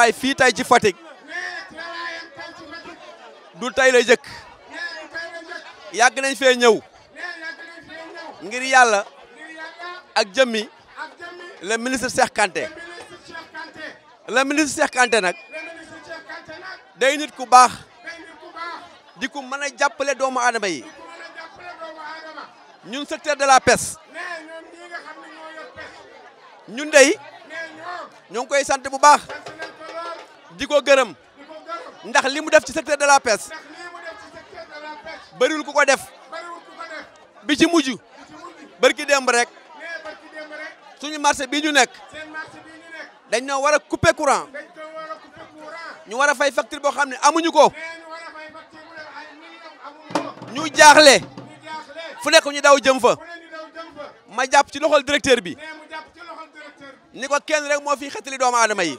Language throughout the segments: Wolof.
taxawaay fii tey ci Fatick du tey la jëkk yàgg nañ fee ñëw ngir yàlla ak jëmmi le ministre Cheikh Kanté le ministre Cheikh Kanté nag day nit ku baax di ku mën a jàppale doomu aadama yi ñun secteur de la pêche ñun dey ñoo koy sant bu baax di ko gërëm ndax li mu def ci secteur de la pêche bëriwul ku ko def bi ci mujj bërki demb rek suñu marché bii ñu nekk dañ ñoo war a couper courant ñu war a fay facture boo xam ne amuñu ko ñu jaaxle fu nekk ñu daw jëm fa ma jàpp ci loxol directeur bi ni ko kenn rek moo fi xetali doomu aadama yi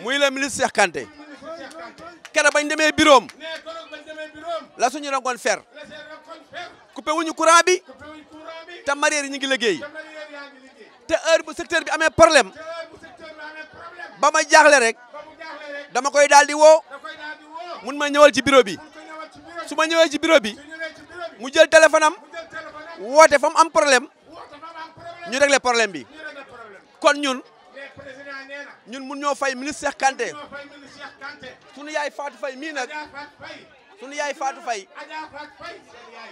muy le ministre Cheikh Kanté keroog bañ demee biroom la suñu rangoon fer coupé wuñu courant bi te mareyeur yi ñu ngi liggéey te heure bu secteur bi amee problème ba ma jaaxle rek dama koy daal di woo mun ma ñëwal ci bureau bi su ma ñëwee ci bureau bi mu jël téléphone woote fa mu am problème ñu réglé problème bi kon ñun. ñun mun ñoo fay ministre Cheikh Kanté sunu yaay Fatou Faye mii nag sunu yaay Fatou Faye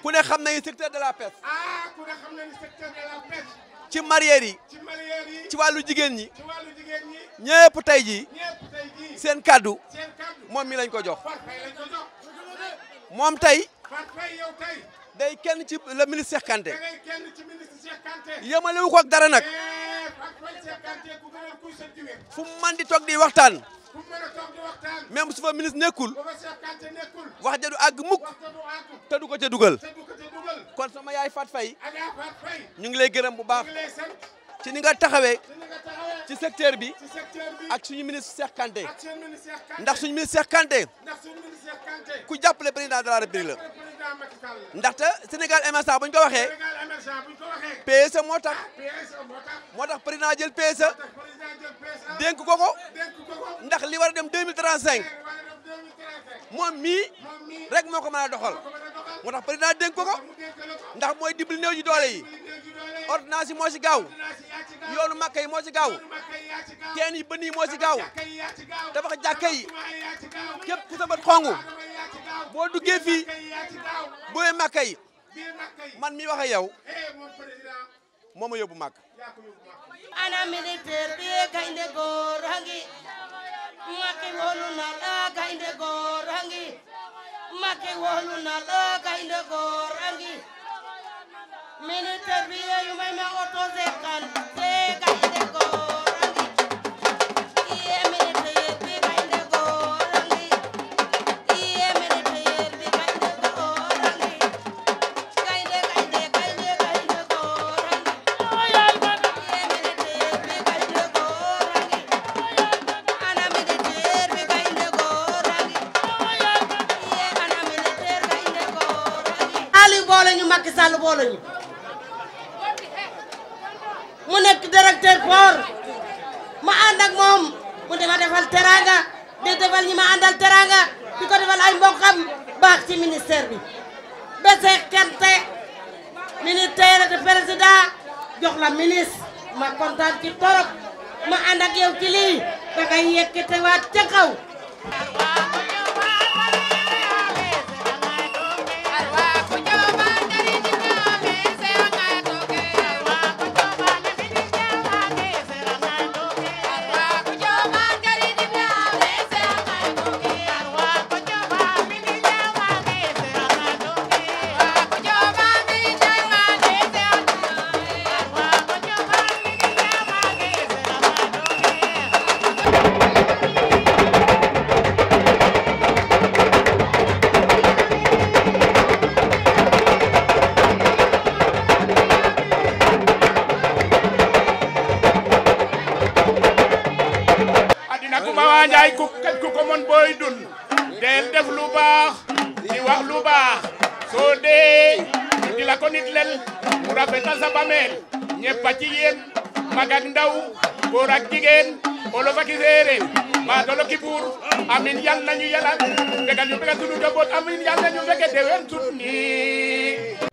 ku ne xam ah, ne secteur de la pêche ci mareyeur yi ci wàllu jigéen ñi ñëpp tey jii seen kàddu moom mi lañ ko jox moom tey day kenn ci le ministre Cheikh Kanté yemalewu ko dara nag. Eh. fu mu mën di toog di waxtaan. même su fa ministre nekkul. wax ja du àgg mukk. te ko ca dugal. kon sama yaay Fat Faye ñu ngi lay gërëm bu baax. ci ni nga taxawee ci secteur bi ak suñu ministre Cheikh Kanté ndax suñu ministre Cheikh Kanté ku jàppale président de la république la ndaxte Sénégal émergent bu ñu ko waxee PSE moo tax moo tax président jël PSE dénk ko ko ndax li war a dem 2035 moom mii rek moo ko mën a doxal moo tax président dénk ko ndax mooy dimbali néew ji doole yi ordonnance yi moo ci gaaw yoonu makka yi moo ci gaaw teen yi bënn yi moo ci gaaw tabax jàkka yi képp bët xongu boo duggee fii booyee makka yi man mi wax ak yow eh, ma yóbbu màkk ana militaire bi gaynde góor a ngi wóolu na la gaynde góor a ngi wóolu na la gaynde góor a ngi bi yu may ma oto seetaan Macky Sall boole ñu mu nek directeur port ma and ak mom mu dama defal teranga di defal ñima teraga, teranga di defal ay mbokam baax ci ministère bi bese kente ministère de président jox la ministre ma contane ci torop ma and ak yow ci li da ngay wat ca kaw Moustapha Ndiaye ku kaj ku ko mën booy def lu baax di wax lu baax soo dee ñu di la ko nit lel mu rafetal sa bameel ñëpp a ci yéen mag ak ndaw góor ak jigéen olof a séeréer baatolo ki buur amin yal nañu yàlla bégal ñu bégal sunu njaboot amin yal nañu fekke déwén sunu